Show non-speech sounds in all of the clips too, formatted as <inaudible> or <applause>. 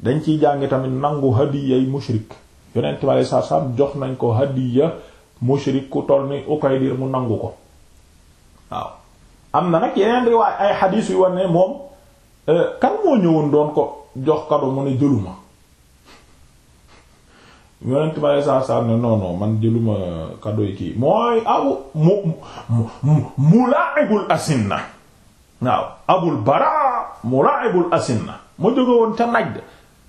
dañ ciy jàng tamit nangu hadiyay mushrik yonent bi alei satu jox nañ ko hadiya mushrik ku toll ni Ukaydir mu nangu ko waaw am na nag yeneen riwaay ay xadiis yu war ne moom euh, kan moo ñëwoon doon ko jox kado mu ne jëluma yonent bi alei satu ne non man jëluma kado yi kii mooy abu mu mulaa'ibul asinna waaw abul bara mulaa'ibul asinna ma jóge ca Najd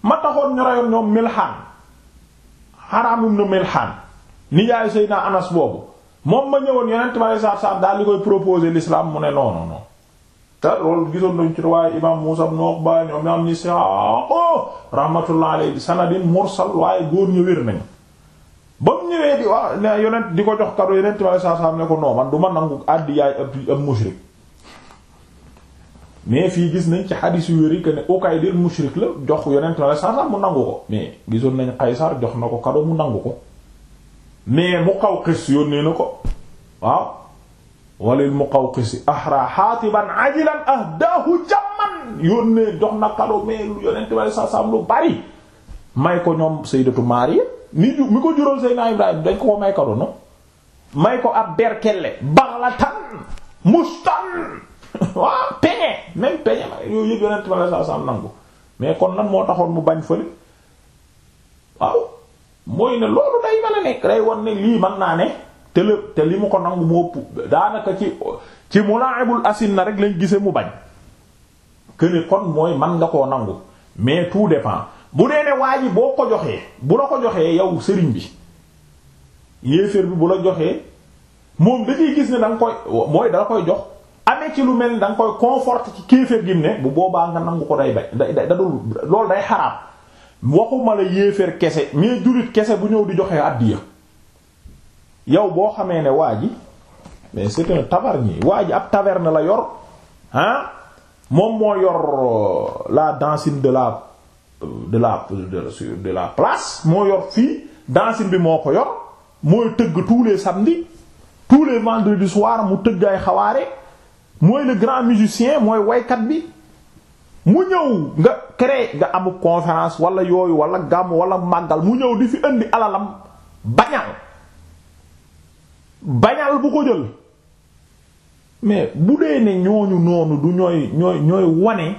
ma taxoon ñu reyoon ñoom milxaan xaraamum na milxaan nijaayu Seydina Anas boobu moom ma ñëwoon yonent ma lay saab saab daal li koy proposer l'islam mu ne non non te loolu gisoon nañu ci riwaaye imaam Muusaa ibn Uqba ñoom imaam ñi Isaaq ah, oh, rahmatullah alayhi bi mursal waaye góor ñu wér nañu ba mu ñëwee di wax yonent di ko jox kado yonent ma lay saab saab ne ko non man ma nangu àddi yaay ab ab mushrik mais fii gis nañ ci xadis yu wéri que ne Ukaydir mushrik la jox yonent na la sax mu nangu ko mais gisoon nañ Qaysar jox na ko kado mu nangu ko mais Muqawqis yónnee na ko waaw walil Muqawqis ahra xaatiban ajilan ahdaahu jamman yónnee jox na kado mais lu yonent na la sax lu bari may ko ñoom Sayyidatu Maariya ni ju ko juróom Seydina Ibrahim dañ ko may kado no may ko ab berkelle baxlatan mustan waaw ah, peñe même peñe ma yooyu yëpp yonent ma la saa saam nangu mais kon nag moo taxoon mu bañ fële waaw mooy ne loolu day mën a nekk day war ne lii mën naa ne te te li mu ko nangu mu ëpp daanaka ci ci mulaibul asin na rek lañ gisee mu bañ que ne kon mooy man nga koo nangu mais tout dépend bu dee ne waa ji boo ko joxee bu la ko joxee yow sëriñ bi yéeféer bi bu la joxee moom da gis ne da nga koy mooy da koy jox amee lu mel ni da koy conforte ci kéeféer gi ne bu boobaa nga nangu ko day bay day day dadul loolu day xaraam waxuma la yéeféer kese mais jullit kese bu ñëw di joxe àddiya yow boo xamee ne waa ji mais c'est un tavernier waa ji ab taverne la yor ah moom moo yor euh, la dancine de la de la de la place moo yor fii dancine bi moo ko yor mooy tëgg tous les samedis tous soir mu tëgg ay xawaare mooy le grand musicien mooy waykat bi mu ñëw nga créé nga amub conférence wala yooyu wala gàmm wala màggal mu ñëw di fi indi alalam bañal bañal bu ko jël mais bu dee ne ñooñu noonu du ñooy ñooy ñooy wane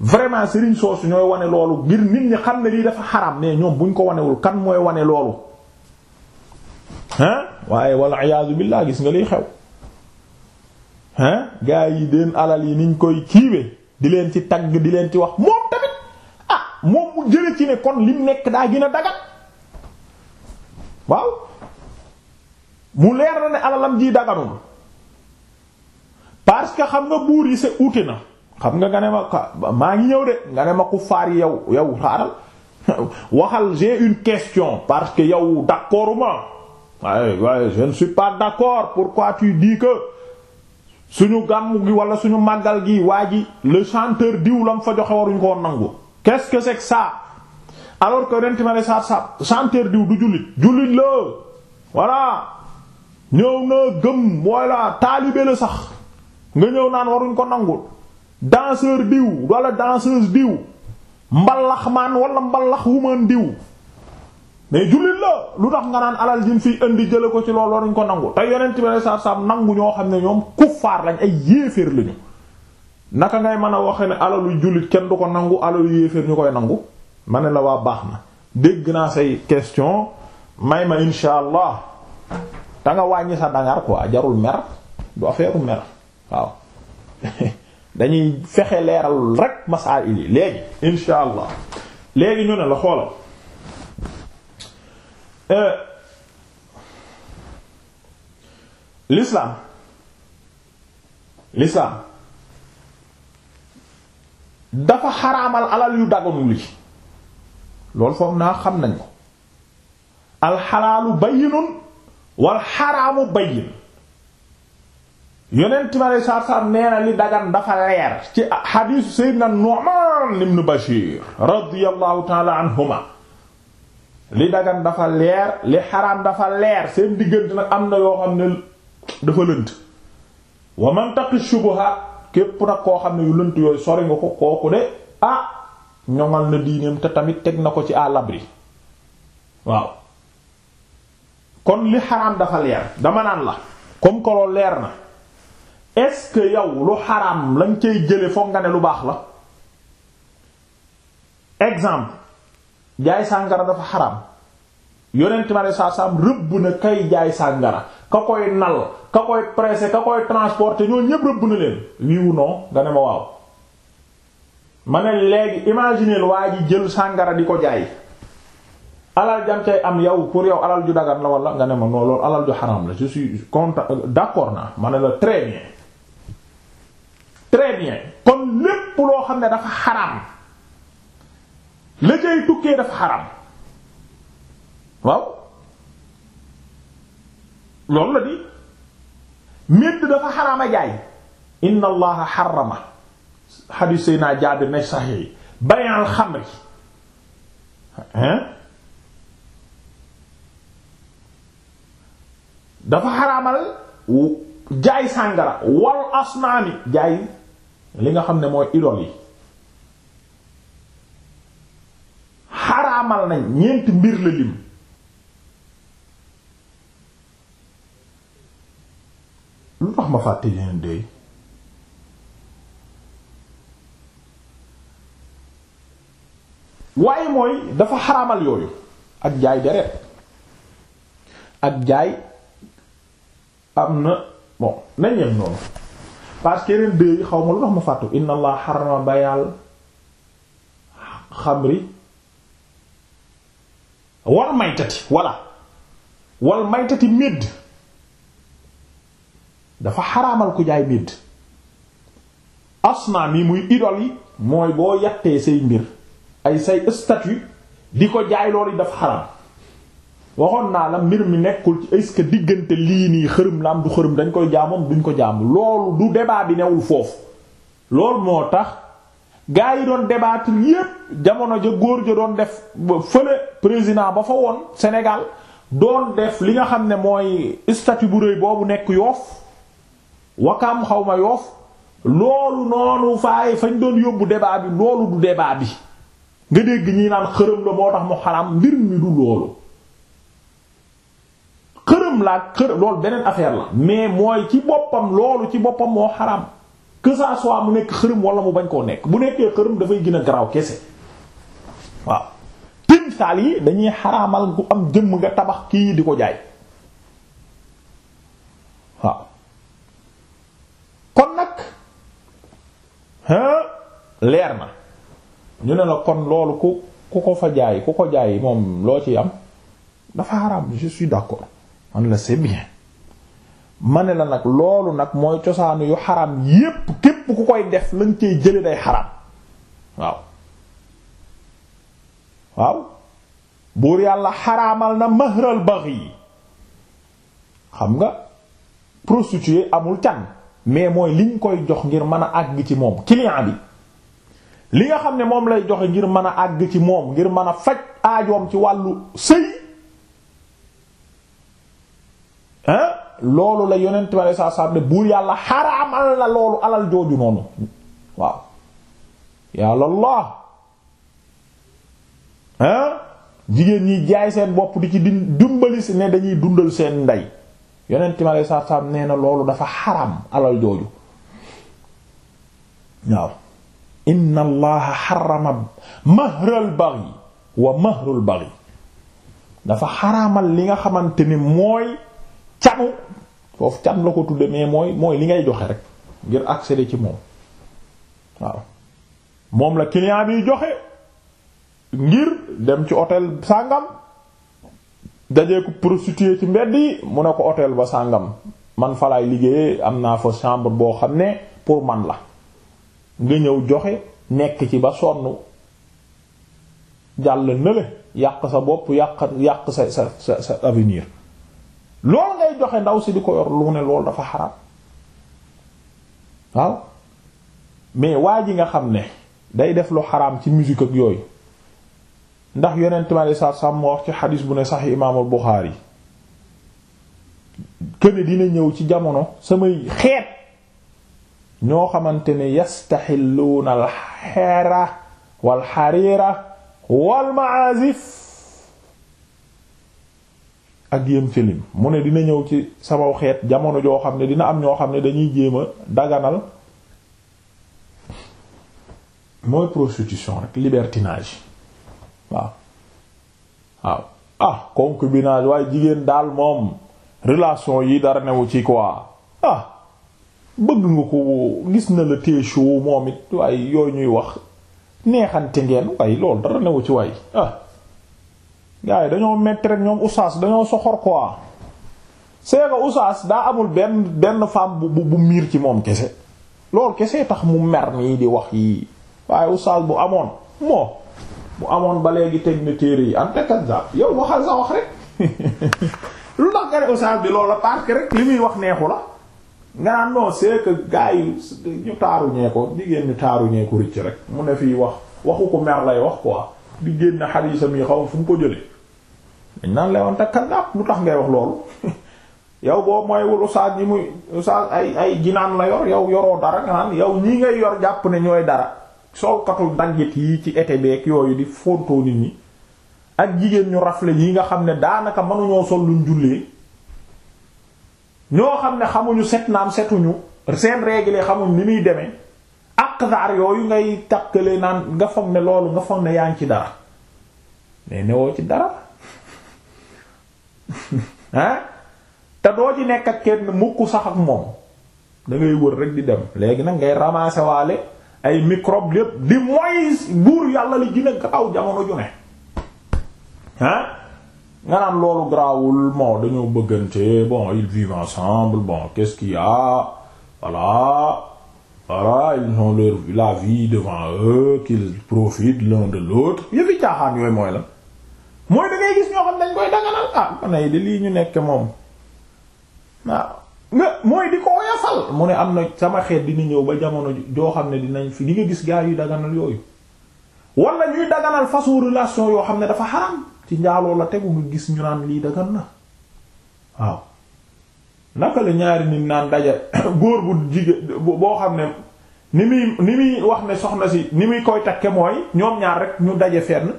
vraiment Serigne soosu ñooy wane loolu ngir nit ñi xam ne lii dafa xaram mais ñoom buñ ko wanewul kan mooy wane loolu hein waaye walla iyaazu billaah gis nga liy xew hein gaa yi deen alal yi niñ koy kiiwee di leen ci tagg di leen ci wax moom tamit ah moom mu jële ci ne kon lim nekk daa gën a dagat waaw mu leer na ne alalam ji daganul parce que xam nga buur yi c'est uute na xam nga nga ne ma maa ngi ñëw de nga ne ma ku faar yow yow xaaral <laughs> waxal j'ai une question parce que yow d'accord ma waaye waaye je ne suis pas d'accord pourquoi tu dis que suñu gàmm gi wala suñu màggal gi waa ji le chanteur diw lam fa joxe waruñ ko woon nangu qu'est-ce que c'est que ma ne sa sa chanteur diw du jullit jullit la voilà ñëw na gëm walla taalibe la sax nga ñëw naan waruñ ko nangul danseur diw wala danseuse diw mbalax maan wala mbalax wumaan diw mais jullit la lu tax nga naan alal jin fi indi jële ko ci loolu waruñ ko nangu te yonent bi sallallahu alayhi wasallam nangu ñoo xam ne ñoom kuffaar lañ ay yéeféer lañu naka ngay mën a waxe ne alalu jullit kenn du ko nangu alalu yéeféer ñu koy nangu ma ne la waa baax na dégg naa say question may ma insha allah da nga wàññi sa dangar quoi jarul mer du affaire mer waaw <laughs> dañuy fexe leeral rek masaa'il yi léegi insha léegi ñu ne la xoolal Euh, l'islam l'islam dafa xaraamal alal yu daganul yi loolu foog naa xam nañ ko alxalaalu bayyinun wal xaraamu bayyin yonent mi aleyhi salaatu salaam nee na li dagan dafa leer ci xadiisu Seydina Nu'maan ibn Bashiir radiyallahu ta'ala anhuma li dagan dafa leer li xaraam dafa leer seen diggante nag am na yoo xam ne dafa lënt wa man taqi shubuha képp nag koo xam ne yu lënt yooyu sori nga ko kooku de ah ñoŋal na diineem te tamit teg na ko ci à l'abri waaw kon li xaraam dafa leer dama naan la comme que leer na est yow lu xaraam lañ cay jële foog nga ne lu baax la exemple jaay sàngara dafa xaram yonent ma ne saa saam rëbb na kay jaay sàngara ka koy nal ka koy pressé ka koy transporté ñoo ñépp rëbb na leen wiiwu non nga ne ma waaw ma ne léegi imaginer waa ji jël sàngara di ko jaay alal jam cay am yow pour yow alal ju dagan la wala nga ne ma non loolu alal ju xaram la je suis content euh, naa ma ne la très bien très bien kon lépp loo xam ne dafa xaram la cay tukkee dafa xaram waaw loolu la di médd dafa xaraama jaay inna allaha xarama xadiis sayna Jaabir ne saxiix yi bay'al xamri dafa xaraamal jaay sàngara wal asnaami jaay li nga xam ne mooy idol yi xaraamal nañ ñeenti mbir la lu tax ma fàtte yeneen déy waaye mooy dafa xaraamal yooyu ak jaay deret ak jaay am na bon nañ yem noonu parce que yeneen déy xaw ma lu tax ma fàttu inna allah xarama bayal xamri wal maytati walla wal maytati médd dafa xaramal ku jaay médd asnaam yi muy idol yi mooy boo yattee say mbir ay say statue di ko jaay loolu dafa xaraam waxoon naa la mbir mi nekkul ci est-ce que diggante lii nii xërëm la am du xërëm dañ koy jaamoom duñ ko jaamu loolu du débat bi newul foofu loolu moo tax gaa yi doon débattre yépp jamono ja góor ja doon def fële président ba fa woon senegal doon def li nga xam ne mooy statut bu rëy boobu nekk yoof wakaam xaw ma yoof loolu noonu faay fañ doon yóbbu débat bi loolu du débat bi nga dégg ñi naan xërëm la moo tax mu xaram mbir mi du loolu xërëm laa xërëm loolu beneen affaire la mais mooy ci boppam loolu ci boppam moo xaram que ça soit mu nekk xërëm wala mu bañ koo nekk bu nekkee xërëm dafay gën a garaaw kese cristal yi dañuy xaraamal ku am jëmm nga tabax kii di ko jaay waaw kon nag leer na ñu ne la kon loolu ku ku ko fa jaay ku ko jaay moom loo ci am dafa xaram je suis d'accord man ne la nag loolu nag mooy cosaanu yu xaraam yépp képp ku koy def lañ cey jële day xaraam waaw waaw buur yàlla xaraamal na mahral baghi xam nga prostituée amul can mais mooy liñ koy jox ngir mën a àgg ci moom client bi li nga xam ne moom lay joxe ngir mën a àgg ci moom ngir mën a faj aajoom ci wàllu sëy loolu la yonent bi alei satu salaam buur yàlla xaraamal na loolu alal jooju noonu waaw yàlla lah hein jigéen ñi jaay seen bopp di ci dimbali si ne dañuy dundal seen ndey yonent mi aleyhi salaatu salaam nee na loolu dafa xaram alal jooju waaw inna allaha xarama mahral baghi wa mahrul baghi dafa xaraamal li nga xamante ni mooy canu foofu can la ko tudde mais mooy mooy li ngay joxe rek ngir accéder ci moom waaw moom la client bi joxe ngir dem ci hôtel sàngam dajee ko prostituée ci mbedd yi mu ne ko hôtel ba sàngam man falaay liggéeyee am naa fa chambre boo xam ne pour man la nga ñëw joxe nekk ci ba sonn jàll nële yàq sa bopp yàq yàq sa sa sa sa avenir loolu ngay joxe ndaw si di ko yor lu ne lool dafa xaraam waaw mais waa ji nga xam ne day def lu xaraam ci musique ak yooyu ndax yonent ma saar saam moo wax ci xadiis bu ne sax imaamul Buxaari këne dina ñëw ci jamono samay xeet ñoo xamante ne yastaxilluuna al xeera wal xariira wal maazif ak yéem filim mu ne dina ñëw ci sama xeet jamono joo xam ne dina am ñoo xam ne dañuy jéem a daganal mooy prostitution rek libertinage waaw waaw ah concubinage waaye jigéen daal moom relation yi dara newu ci quoi ah bëgg nga ko gis na la téesoo moom it waaye yooyu ñuy wax neexante ngeen waaye loolu dara newu ci waay ah gars dañoo metti rek ñoom usaas dañoo soxor quoi c'est que usaas daa amul benn benn femme bu bu miir ci moom kese loolu kese tax mu mer nii di wax yii waaye usaas bu amoon moo bu amoon ba léegi teg na téere yi anta kazzab yow waxal sa wax rek <laughs> lu tax nga bi loolu la parce que rek muy wax neexu la nga naan non c'est que yi ñu taaru ñee ko jigéen ñu taaru ñee ko rëcc rek mu ne fi wax waxu ko mer lay wax quoi di génn xadiisam yi xaw fu mu ko jëlee nan naan lay anta kazzab lu tax ngay wax loolu <laughs> yow boo mooywul oustaz ñi muy oustaz ay ay jinaan la yor yow yoroo dara nga naan yow ñii ngay yor jàpp ne ñooy dara solkatu ndagit yi ci été beeg yooyu di fontoo nit ñi ak jigéen ñu rafle yi nga xam ne daanaka mënuñoo sol lu jullee ñoo xam ne xamuñu set naam setuñu seen règle xamuñ ni muy demee ak daar yooyu ngay takkale naan nga foog ne loolu nga foog ne yaa ngi ci daar mais newoo ci dara ah <laughs> te doo ci nekk ak kenn mukk sax ak moom da ngay wër rek di dem léegi nag ngay ramasser waale. ay microbe lépp di mooy buur yàlla li gën a jamono ju ne ah nga naan loolu garaawul moo dañoo bëggante bon ils vivent ensemble bon qu'est-ce qu'il y a ils ont la vie devant eux qu'ils profitent l'un de l'autre yëfi caaxaan yooyu mooy la mooy da gis ñoo xam dañ koy daganal ah man de lii ñu nekk moom waaw ah. nga mooy di ko woyofal mu ne am na sama xeet dina ñëw ba jamono joo xam ne dinañ fi di nga gis gaa yuy daganal yooyu wala ñuy daganal façon relation yoo xam ne dafa xaram ci njaaloo la tegu nga gis ñu naan lii dagan na waaw naka la ñaari nit naan daje <coughs> góor bu jigéen boo xam ne ni muy ni muy wax ne soxna si ni muy koy takke mooy ñoom ñaar rek ñu daje fenn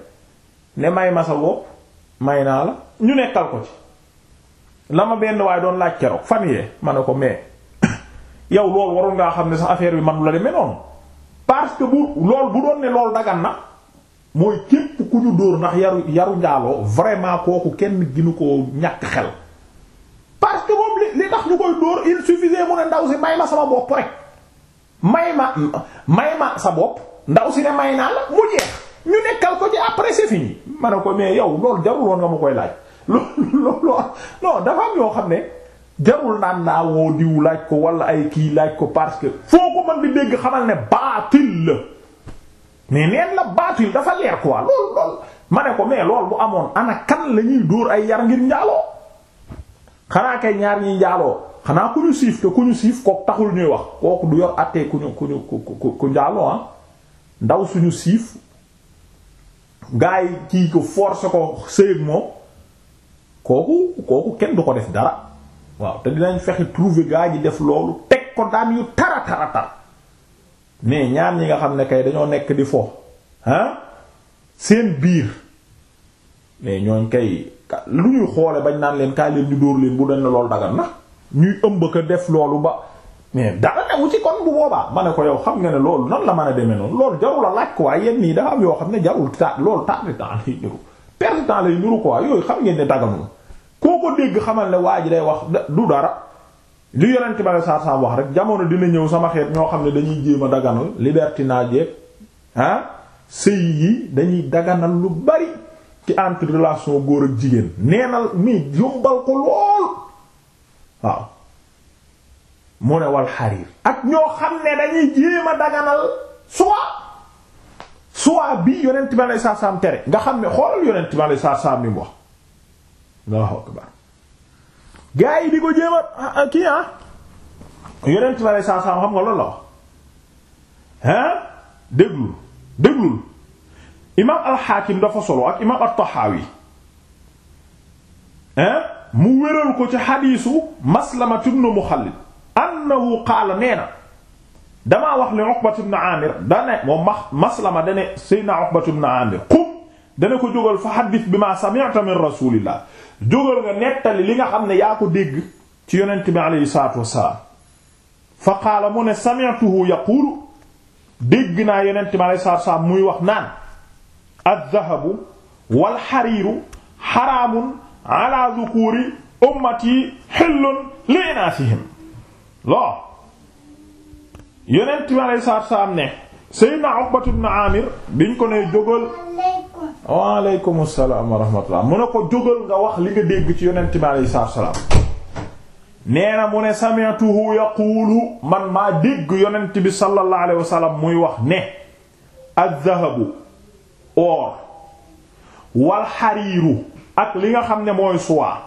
ne may ma sa bopp may naa la ñu nekkal ko ci la ma benn waaye doon laaj keroog fan yee ma ne ko mais <coughs> yow loolu waroon ngaa xam ne sax affaire bi man la deme noonu parce que bu lool bu doon ne loolu dagan na mooy képp ku ñu dóor ndax yaru yaru njaaloo vraiment kooku kenn ginu ko ñàkk xel parce que moom li li ñu koy dóor il suffisait mu ne ndaw si may ma sama bopp rek may ma may ma sa bopp ndaw si ne may naa la mu jeex ñu nekkal ko ci après c'est fini ma ne ko mais yow loolu jarul woon nga ma koy laaj loolu non dafa am yoo xam ne jarul naan naa woo diw laaj ko wala ay kii laaj ko parce que foo ko mën di dégg xamal ne baatil la mais neen la baatil dafa leer quoi loolu loolu ma ne ko mais loolu bu amoon ana kan la ñuy dóor ay yar ngir njaaloo xanaa kay ñaar ñiy njaaloo xanaa ku ñu siif te ku ñu siif kooku taxul ñuy wax kooku du yor àttee ku ñu ku ñu ku ku njaaloo ah. ndaw suñu siif gaa yi kii ko forcer ko sëyëg moom kooku kooku kenn du ko def dara waaw te dinañ fexe trouver gaa ji def loolu teg ko daan yu tara tara tar mais ñaar ñi nga xam ne kay dañoo nekk di fo ah seen biir mais ñooñ kay lu ñuy xoole bañ naan leen kaay leen ñu dóor leen bu dañ na loolu daga na ñuy ëmb ko def loolu ba mais dara newu ci kon bu boobaa ma ne ko yow xam nga ne loolu nan la mën a demee noonu loolu jarul a laaj ko waaye yenn yi dafa am yoo xam ne jarul ta loolu taatri temps lay niru perte temps lay niru quoi yooyu xam ngeen koo ko dégg xamal ne waa ji day wax du dara li yonent ba ne saa wax rek jamono dina ñëw sama xeet ñoo xam ne dañuy jéem a daganal libertinage yeeg ah yi dañuy daganal lu bari ci entre relation góor ak jigéen neenal mi yombal ko lool waaw mu ne wal xariir ak ñoo xam ne dañuy jéem a daganal soit soit bi yonent ba ne saa tere nga xam ne xoolal yonent ba ne saa saam wax. Allahu akbar gaa yi di ko jéem a kii ah yonent bi aleyhi salaatu salaam xam nga loolu la wax ah déglul déglul imaam dafa solo ak imaam at-Tahawi mu wéral ko ci xadiisu Maslamatu ibn Muxallid annahu qaala nee na damaa wax li Uqbat ibn Amir dane moom ma Maslama dane Seydina Uqbat ibn qum dana ko jógal fa xaddis bi ma sami'ta min rasulillah jógal nga nettali li nga xam ne yaa ko dégg ci yonent bi aleyhi salaatu wassalaam fa qaala mu ne sami'tuhu yaquulu dégg naa yonent bi aleyhi salaatu muy wax naan addahabu walxariiru xaraamun ala zukuuri ummati xillun li inaasihim loo yonent bi aleyhi ne Seydina Uqbatu Aamir biñ ne jógal waaleykum salaam wa rahmatullah mu ne ko jógal nga wax li nga dégg ci yonent bi aleyhi salaatu wa salaam nee na mu ne sami'tuhu yaquulu man maa dégg yonent bi sallallahu alayhi wa muy wax ne addahabu oor wal xariiru ak li nga xam ne mooy suwaa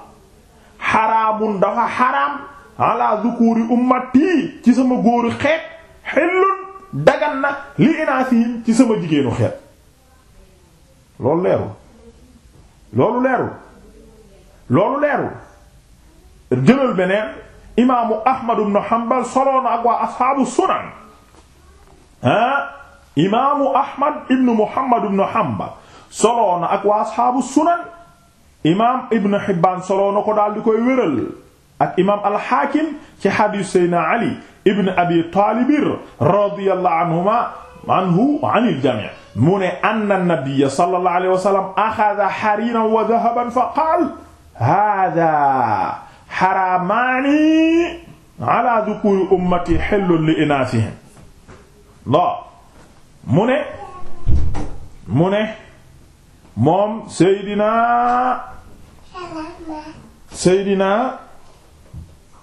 xaraamun dafa xaraam ala dhukuri ummati ci sama góoru xeet xillun dagan na li inaasihim ci sama jigéenu xeet loolu leerul loolu leerul loolu leerul jëlal beneen imaamu Ahmad ibn Hanbal solo na ak waa ashaabu sunan ah imaamu Ahmad ibn Muhammad ibn Hanbal solo na ak waa ashaabu sunan imaam Ibn Hibbaan solo na ko daal di koy wéral ak imaam al-Haakim ci hadiis Seydina Ali ibn Abi Taalib radiyallahu anhuma anhu anil jami' mu ne anna nabiyya sallallahu alayhi wa sallam axada xariiran wa dahaban fa qaal haadaa xaraamaani ala dhukuri ummati hillun li inaasihim mu ne mu ne moom Seydina Seydina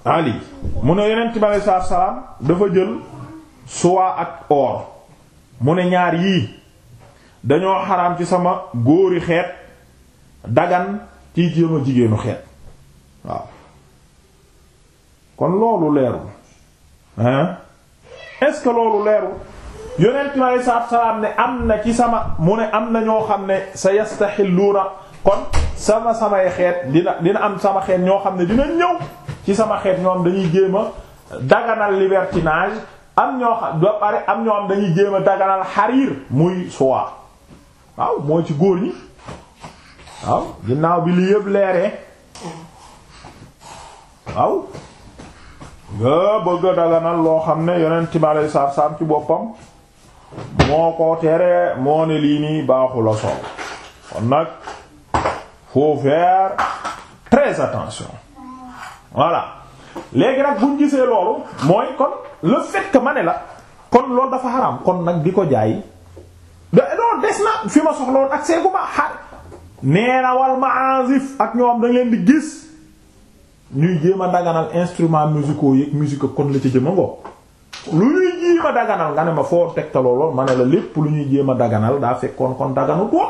Ali mu ne Yonent bi alayhi salaam dafa jël soie ak or mu ne ñaar yii dañoo xaraam ci sama góori xeet dagan ci jéema jigéenu xeet waaw kon loolu leerul hein est-ce que loolu leerul yonent mi alei salaam ne am na ci sama mu ne am na ñoo xam ne sa yastaxilluuna kon sama samay xeet dina dina am sama xeet ñoo xam ne dina ñëw ci sama xeet ñoom dañuy jéem a daganal libertinage am ñoo xam ba pare am ñoo xam dañuy jéem a daganal xariir muy soie waaw mooy ci góor ñi waaw ginnaaw bi li yëpp leere waaw nga bëgg daganal loo xam ne yonent mi aleyhi salaatu salaam ci boppam moo ko tere moo ne lii nii baaxul a sol kon nag faut faire très attention voilà léegi nag buñ gisee loolu mooy kon. le fait que ma ne la kon loolu dafa xaraam kon nag di ko jaay da loolu des na fi ma soxla woon ak seegu ma xaar nee na wal maazif ak ñoom dañ leen di gis ñuy jéem a daganal instruments musicaux yeeg musique kon la ci jëma ngo lu ñuy jéem daganal nga ne ma foo tegtaloo lool ma ne la lépp lu ñuy jéem a daganal daa fekkoon kon daganu ko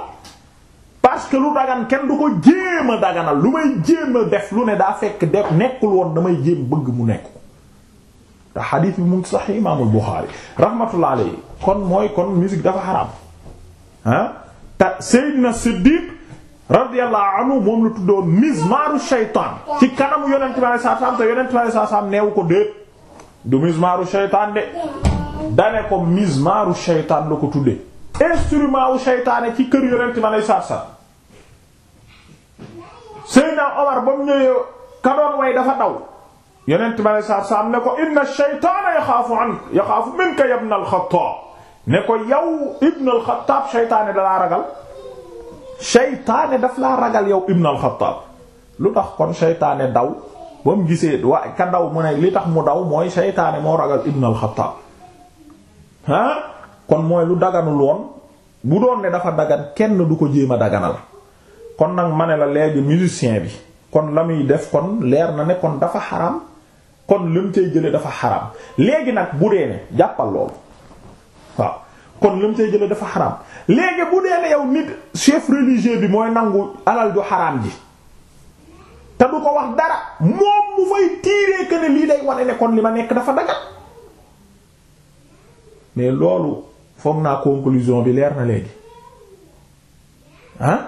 parce que lu dagan kenn du ko jéem a daganal lu may jéem a def lu ne daa fekk def nekkul woon damay jéem bëgg mu nekk te xadiis bi mu ngi sax imaamul Buxaari rahmatullah alayhi kon mooy kon musique dafa xaraam ah te Seydina Siddiq radiyallahu anhu moom la tuddoon mizmaaru shaytaan ci kanamu yonent bi alayhi salaam te yonent bi alayhi salaam neewu ko déet du mizmaaru shaytaan de dane ko mizmaaru shaytaan la ko tuddee instrument wu shaytaane ci kër yonent bi alayhi salaam Seydina Omar ba ñëwee ka way dafa daw yonent ba alei satu salaam ne ko inna shaytaana yaxaafu an yaxaafu minka ya ibn al ne ko yow ibn al-Xattaab shaytaane dalaa ragal shaytaane daf laa ragal yow ibn al-Xattaab lu tax kon seytaane daw ba mu gisee waa ka daw mu ne li tax mu daw mooy shaytaane moo ragal ibn al-Xattaab ah kon mooy lu daganul woon bu doon ne dafa dagan kenn du ko jéem a daganal kon nag ma ne la léegi musicien bi kon la muy def kon leer na ne kon dafa xaram kon lam cay jële dafa xaraam léegi nag bu dee ne jàppal loolu waaw kon lam cay jële dafa xaraam léegi bu dee ne yow nit chef religieux bi mooy nangu alal ju xaraam ji te du ko wax dara moom mu fay tiiree que ne lii day wane ne li ma nekk dafa dagat mais loolu foog naa conclusion bi leer na léegi ah?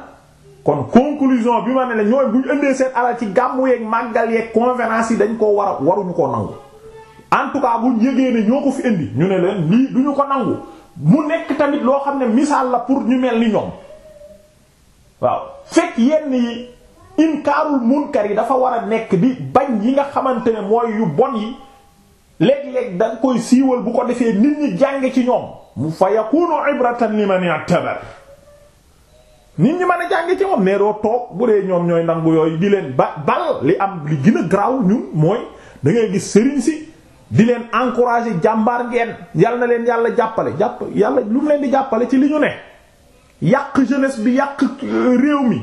kon conclusion bi ma ne la ñooy bu ñu indee seen alal ci gàmmu yeeg màggal yeeg conférence yi dañ koo war waruñu koo nangu en tout cas bu ñu yëgee ne ñoo ko fi indi ñu ne leen lii duñu ko nangu mu nekk tamit loo xam ne misaal la pour ñu mel ni ñoom waaw fekk yenn yi inkaarul munkar yi dafa war a nekk di bañ yi nga xamante ne mooy yu bon yi léeg-léeg da nga koy siiwal bu ko defee nit ñi jàng ci ñoom mu fa yakunu ibratan liman i'tabar nit ñi mën a jàng ci moom mais doo toog bu dee ñoom ñooy nangu yooyu di leen ba bal li am li gën a garaaw ñun mooy da ngay gis sëriñ si di leen encourager jàmbaar ngeen yal na leen yàlla jàppale jàpp yàlla lu mu leen di jàppale ci li ñu ne yàq jenes bi yàq euh, réew mi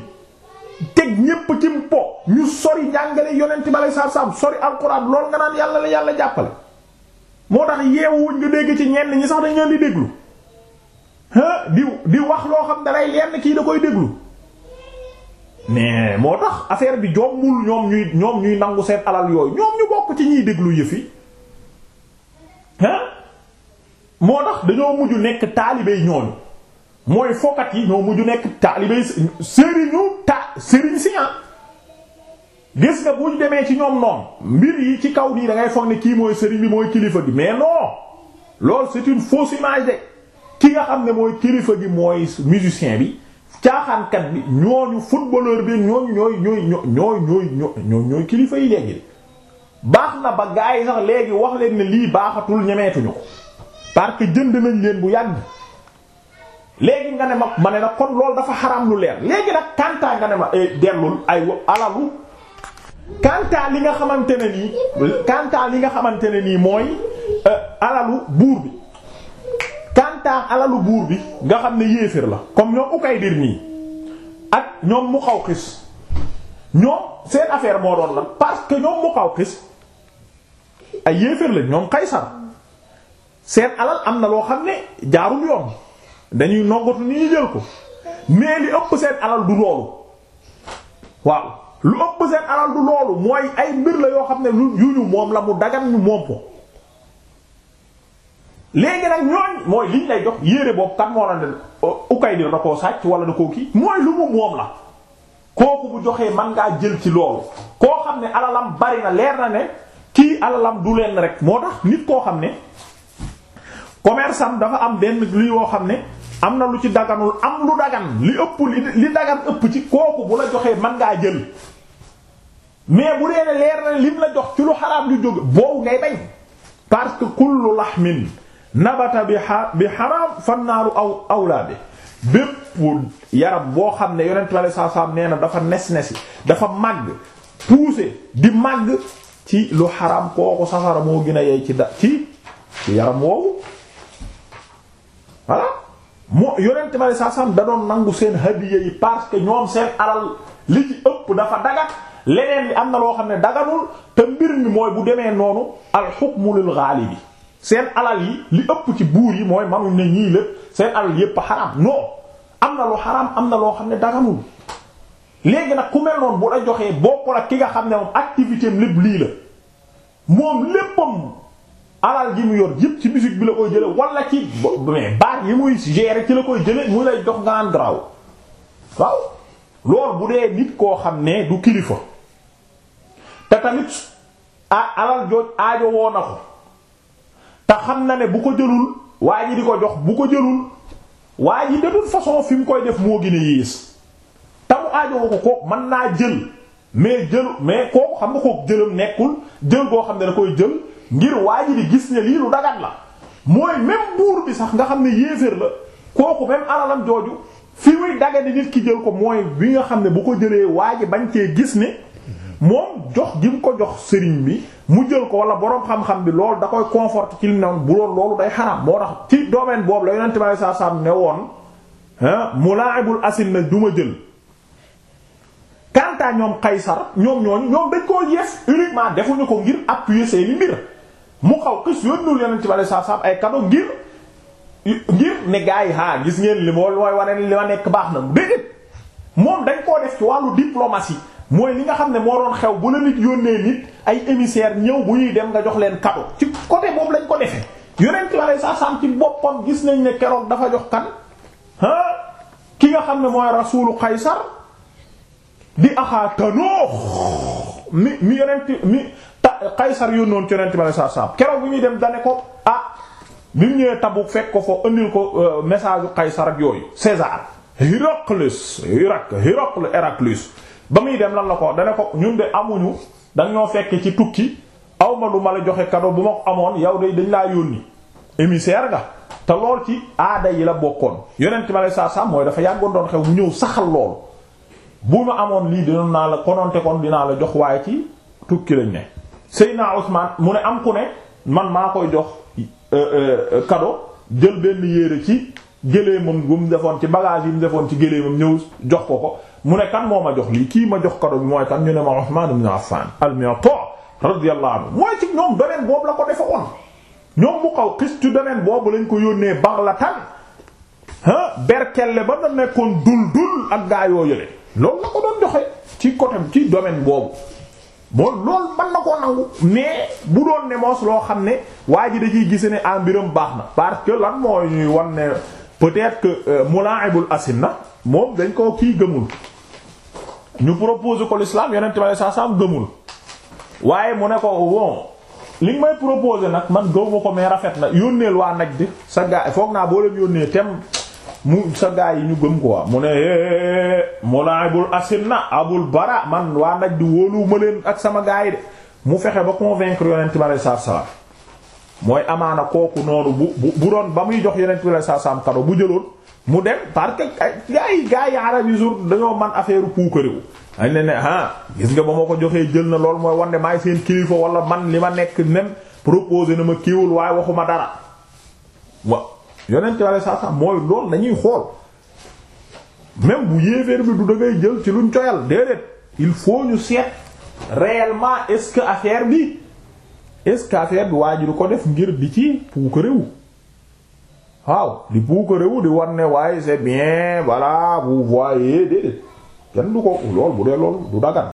teg ñépp ci mpo ñu sori njàngale yonent bi alei satu salam sori alxuraan lool nga naan yàlla la yàlla jàppale moo tax yeewuñ nga dégg ci ñenn ñi sax dañ leen di déglu di di wax loo xam ne lay lenn kii da koy déglu mais moo tax affaire bi jommul ñoom ñuy nangu seen alal yooyu ñoom ñu bokk ci ñuy déglu yëfi ah moo tax dañoo mujj nekk taalibey ñooñu mooy fokat yi ñoo mujj nekk taalibey sëriñu ta sëriñ si ah. gis nga bu demee ci ñoom noonu mbir yi ci kaw nii dangay ngay foog ne kii mooy sëriñ bi mooy kilifa bi mais non loolu c'est une ki nga xam ne mooy kilifa gi mooy musicien bi caaxaankat bi ñooñu footballeur bi ñooñu ñooy ñooy ñooy kilifa yi léegi baax na ba gars yi sax léegi wax leen ne lii baaxatul ñemeetuñu ko parce jënd nañ leen bu yàgg léegi nga ne ma ma ne nag kon loolu dafa xaram lu leer léegi nag kantaa nga ne ma eh, dellul ay alalu kantaa li nga xamante ne nii kantaa li nga xamante ne nii mooy eh, alalu buur bi kantaan alalu buur bi nga xam ne yéeféer la comme ñoom Ukaydir nii ak ñoom Muqawqis ñoom seen affaire moo doon lan parce que ñoom Muqawqis ay yéeféer lañ ñoom Qaysar seen alal am na loo xam ne jaarul yoon dañuy noggatu ni jël ko mais li ëpp seen alal du loolu waaw lu ëpp seen alal du loolu mooy ay mbir la yoo xam ne lu yu ñu moom la mu dagan ñu moom ko léegi nag ñooñ mooy liñ lay jox yére boobu kan moo la ne euh, ukay di da koo sàcc wala da koo kii mooy lu mu moom la kooku bu joxee man ngaa jël ci loolu koo xam ne alalam bari na leer na ne kii alalam du leen rek moo tax nit koo xam ne commerce am dafa am benn li woo xam ne am na lu ci daganul am lu dagan li ëpp li dagan ëpp ci kooku bu la joxee man ngaa jël mais bu dee leer na lim la jox ci lu xaraam lu jóge boobu ngay bañ parce que kullu laxmin nabata bi xa bi xaraam fannaaru bépp yaram boo xam ne yonent bi sallallahu alayhi na dafa nes nesi dafa màgg pousser di màgg ci lu xaraam kooku safara moo gën a yey ci da ci ci yaram woowu voilà moo yonent bi sallallahu da doon nangu seen hadiya yi parce que ñoom seen alal li ci ëpp dafa daga leneen bi am na loo xam ne daganul te mbir mi mooy bu demee noonu al hukmu lil seen alal yi li ëpp ci buur yi mooy manuñ ne ñii lépp seen alal yépp a xaraam am na lu xaraam am na loo xam ne daganul léegi nag ku mel noonu bu la joxee bokkul ak ki nga xam ne moom activité lépp lii la moom léppam alal ji mu yor yépp ci musique bi la koy jële wala ci mais baar yi muy gérer ci la koy jële mu lay jox nga naan garaaw waaw loolu bu dee nit koo xam ne du kilifa te tamit alal jooj aajo woo na ko te xam na ne bu ko jëlul waa ji di ko jox bu ko jëlul waa ji de toute façon fi mu koy def moo gën a yées te mu ko ko mën naa jël mais jël mais kooku xam nga kooku jëlam nekkul jël goo xam ne da koy jël ngir waa ji di gis ne lii lu dagat la mooy même buur bi sax nga xam ne yéeféer la kooku même alalam jooju fi muy dagat ni nit ki jël ko mooy bi nga xam ne bu ko jëlee waa ji bañ cee gis ne moom jox gi mu ko jox sëriñ bi mu jël ko wala boroom xam-xam bi loolu da koy conforte ci li ne bu loolu day xaram moo tax ci domaine boobu la yonent bi saa saa ne woon mulaa'ibul asil na du jël. quant ñoom Qaysar ñoom ñooñu ñoom dañ koo yees uniquement defuñu ko ngir appuyer seeni mu xaw xis yónnul yonent bi saa saa ay cadeau ngir ne gars yi ah gis ngeen li ma mooy wane li ma nekk baax na mu déedéet moom dañ koo def ci wàllu diplomatie. mooy li nga xam ne moo doon xew bu la nit yónnee nit ay émissaire ñëw bu ñuy dem nga jox leen cadeau ci côté boobu lañ ko defee yonent bi sa sam ci boppam gis nañ ne keroog dafa jox kan ah ki nga xam ne mooy rasuulu Qaysar di axaa tanoox mi mi yonent mi Qaysar yónnoon ci yonent bi sa sam keroog bu ñuy dem dane ko ah bi ñëwee Tabuk fekk ko foo indil ko euh, message u Qaysar ak yooyu César Héraclius Hérac Héracle Héraclius ba muy dem lan la ko dana ko ñun de amuñu dañ ñoo fekke ci tukki awma lu ma la joxe kado bu ma ko amoon yow de dañ laa yónni émissaire nga te lool ci aada yi la bokkoon yonent ma lay saa saa mooy dafa yàggoon doon xew mu ñëw saxal loolu bu ma amoon lii dinoon naa la kononte kon dinaa la jox waaye ci tukki lañ ne Seydina Ousmane mu ne am ku ne man maa koy jox kado euh, euh, jël benn yére ci géléemam bu mu defoon ci bagage yi mu defoon ci géléemam ñëw jox ko ko mu ne kan moo ma jox lii kii ma jox kado bi mooy kan ñu ne ma Uthman ibn Affan al-Mu'ta radiyallahu anhu mooy ci ñoom domaine boobu la ko defe woon ñoom mu xaw xis ci domaine boobu lañ ko yónnee la ah berkelle ba na nekkoon dul dul ak gaa yoo yële loolu la ko doon joxe ci côté ci domaine boobu moo loolu mën na ko nangu mais bu doon ne moos loo xam ne waa ji da ciy gise ne ah mbiram baax na parce que lan ne peut-être que euh, mulaa'ibul asinna moom dañ koo kii gëmul ñu proposé ko l'islam yonent bi saa saam gëmul waaye mu ne ko bon li may proposé nag man gëw ko mais rafet na yónneel waa nag di sa gaay foog naa boo leen yónnee tem mu sa gaay yi ñu gëm quoi mu ne eh, eh, eh, mulaa'ibul asinna abul bara man waa nag di wóoluwuma leen ak sama gaay de mu fexe ba convaincre yonent bi saa saam. mooy amaana kooku noonu bu bu bu doon ba muy jox yeneen la saa saam kado bu jëloon mu dem parce que gaa yi gaa yi arab yi jour dañoo man affaire puukariwu dañ ne ne ah gis nga ba ma ko joxee jël na lool mooy wan ne seen kilifa wala man li ma nekk même proposé na ma kiiwul waaye waxu ma dara wa yeneen bi saa saam mooy loolu dañuy xool même bu yéeféer bi du dangay jël ci luñ coyal déedéet il faut ñu seet réellement est-ce que affaire bi. est-ce que ko def ngir di ci puukarewu waaw di puukarewu di war ne waaye c'est bien voilà vous voyez déedéet kenn du ko lool bu dee lool du dagan